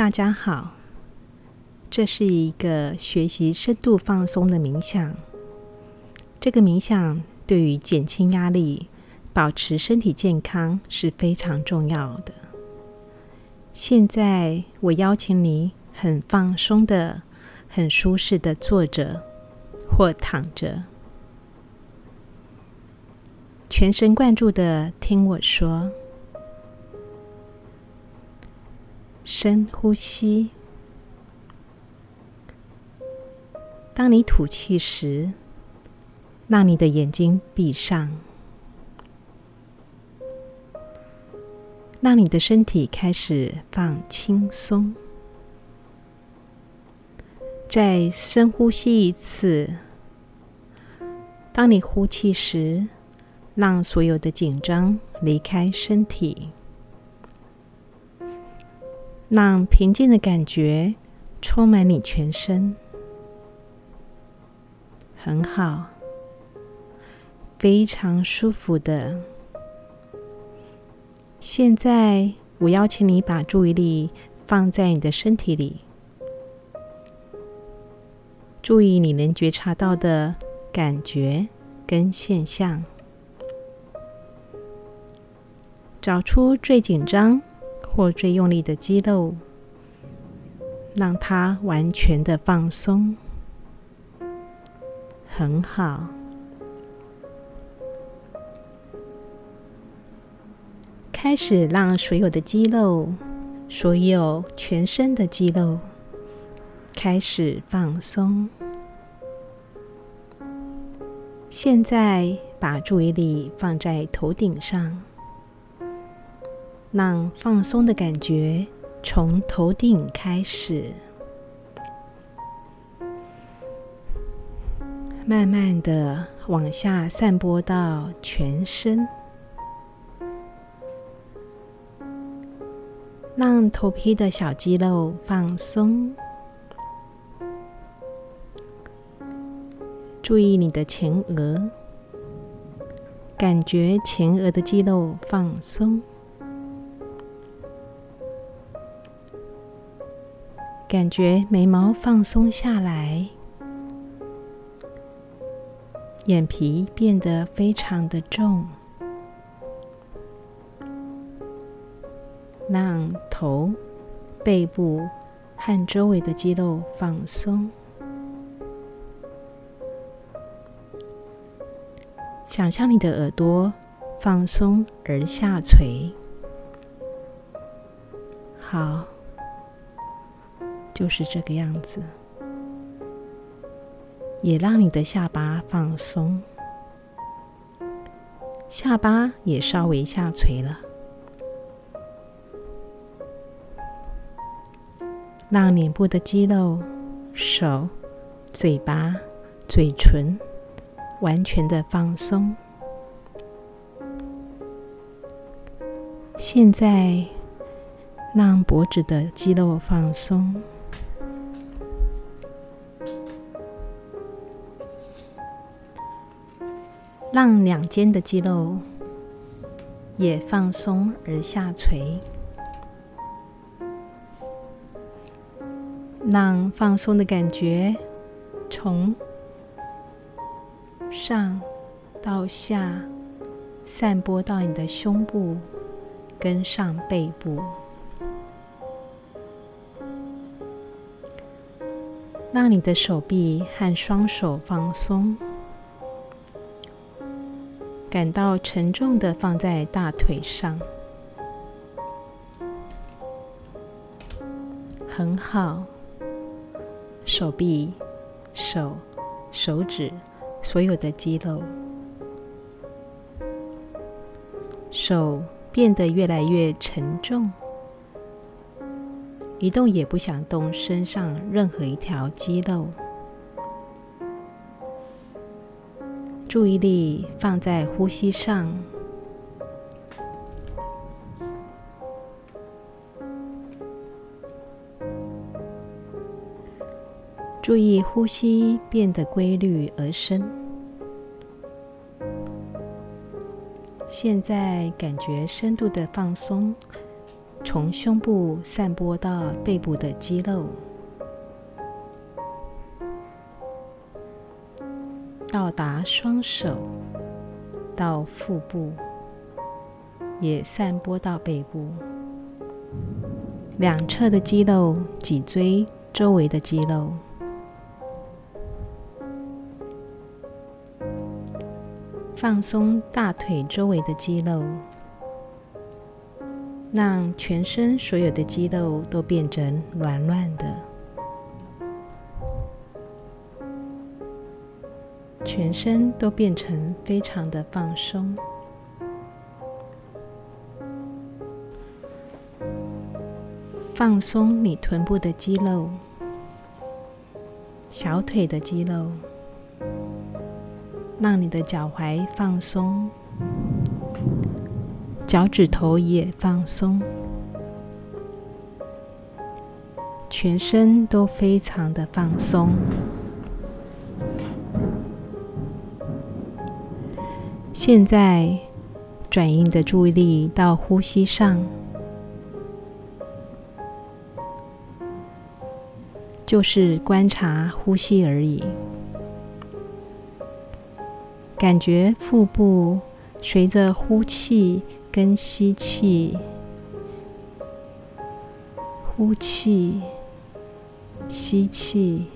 大家好，這是一個學習深度放鬆的冥想。這個冥想對於減輕壓力、保持身體健康是非常重要的。現在，我邀請你很放鬆的、很舒適的坐着或躺着，全神貫注的聽我說。深呼吸。當你吐氣時，讓你的眼睛閉上，讓你的身體開始放輕鬆。再深呼吸一次。當你呼氣時，讓所有的緊張離開身體。讓平靜的感覺充滿你全身，很好，非常舒服的。現在，我邀請你把注意力放在你的身體裡，注意你能覺察到的感覺跟現象，找出最緊張。或最用力的肌肉，讓它完全的放鬆，很好。開始讓所有的肌肉，所有全身的肌肉開始放鬆。現在把注意力放在頭頂上。讓放鬆的感覺從頭頂開始，慢慢的往下散播到全身，讓頭皮的小肌肉放鬆。注意你的前額，感覺前額的肌肉放鬆。感覺眉毛放鬆下來，眼皮變得非常的重，讓頭、背部和周圍的肌肉放鬆。想象你的耳朵放鬆而下垂。好。就是這個樣子，也讓你的下巴放鬆，下巴也稍微下垂了，讓臉部的肌肉、手、嘴巴、嘴唇完全的放鬆。現在讓脖子的肌肉放鬆。讓兩肩的肌肉也放鬆而下垂，讓放鬆的感覺從上到下散播到你的胸部跟上背部，讓你的手臂和雙手放鬆。感到沉重的放在大腿上，很好。手臂、手、手指，所有的肌肉，手變得越來越沉重，一動也不想動，身上任何一條肌肉。注意力放在呼吸上，注意呼吸變得規律而深。現在感覺深度的放鬆，從胸部散播到背部的肌肉。到達雙手，到腹部，也散播到背部，兩側的肌肉、脊椎周圍的肌肉，放鬆大腿周圍的肌肉，讓全身所有的肌肉都變成軟軟的。全身都變成非常的放鬆，放鬆你臀部的肌肉、小腿的肌肉，讓你的腳踝放鬆，腳趾頭也放鬆，全身都非常的放鬆。現在，轉移的注意力到呼吸上，就是觀察呼吸而已。感覺腹部隨着呼氣跟吸氣，呼氣、吸氣、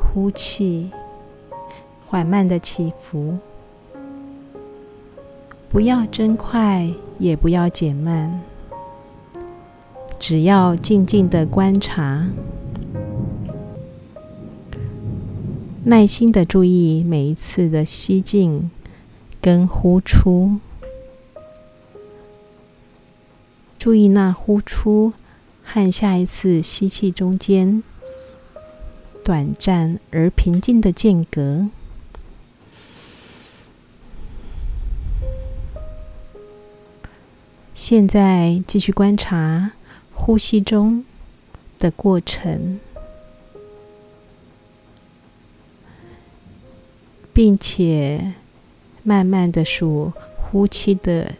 呼氣。呼氣緩慢的起伏，不要增快，也不要減慢，只要靜靜的觀察，耐心的注意每一次的吸進跟呼出，注意那呼出和下一次吸氣中間短暫而平靜的間隔。現在繼續觀察呼吸中的過程，並且慢慢的數呼氣的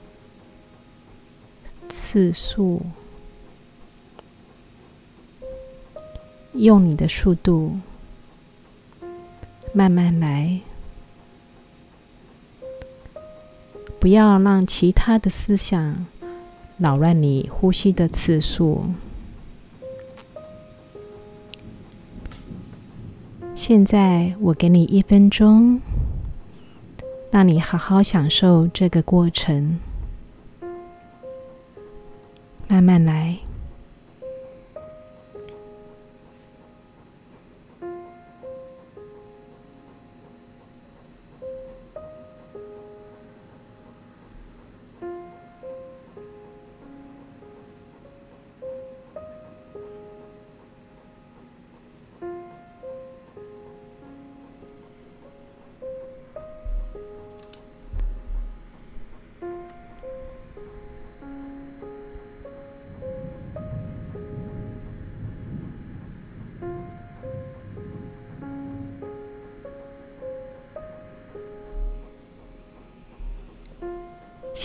次數，用你的速度慢慢來，不要讓其他的思想。擾亂你呼吸的次數。現在我給你一分鐘，讓你好好享受這個過程，慢慢來。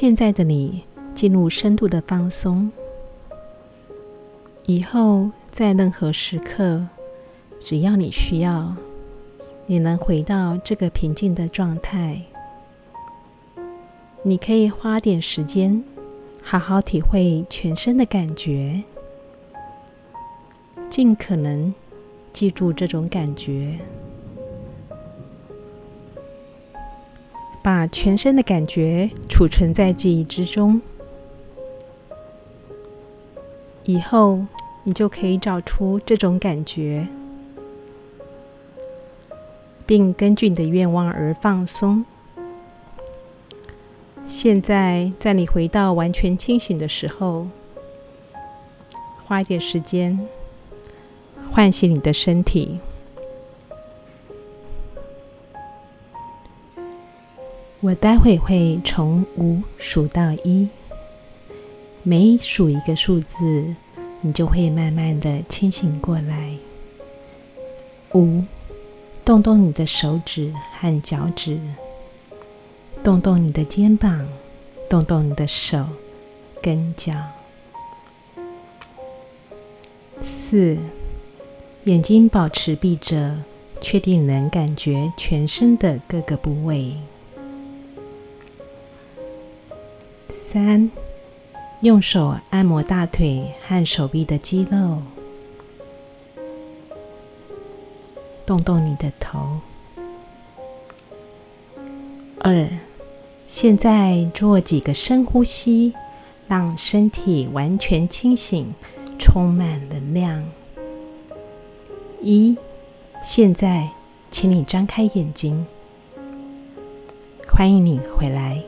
現在的你進入深度的放鬆，以後在任何時刻，只要你需要，你能回到這個平靜的狀態。你可以花點時間，好好體會全身的感覺，盡可能記住這種感覺。把全身的感覺儲存在記憶之中，以後你就可以找出這種感覺，並根據你的願望而放鬆。現在，在你回到完全清醒的時候，花一點時間喚醒你的身體。我待會會從五數到一，每數一個數字，你就會慢慢的清醒過來。五，動動你的手指和腳趾，動動你的肩膀，動動你的手跟腳。四，眼睛保持閉着，確定能感覺全身的各個部位。三，用手按摩大腿和手臂的肌肉，動動你的頭。二，現在做幾個深呼吸，讓身體完全清醒，充滿能量。一，現在，請你張開眼睛，歡迎你回來。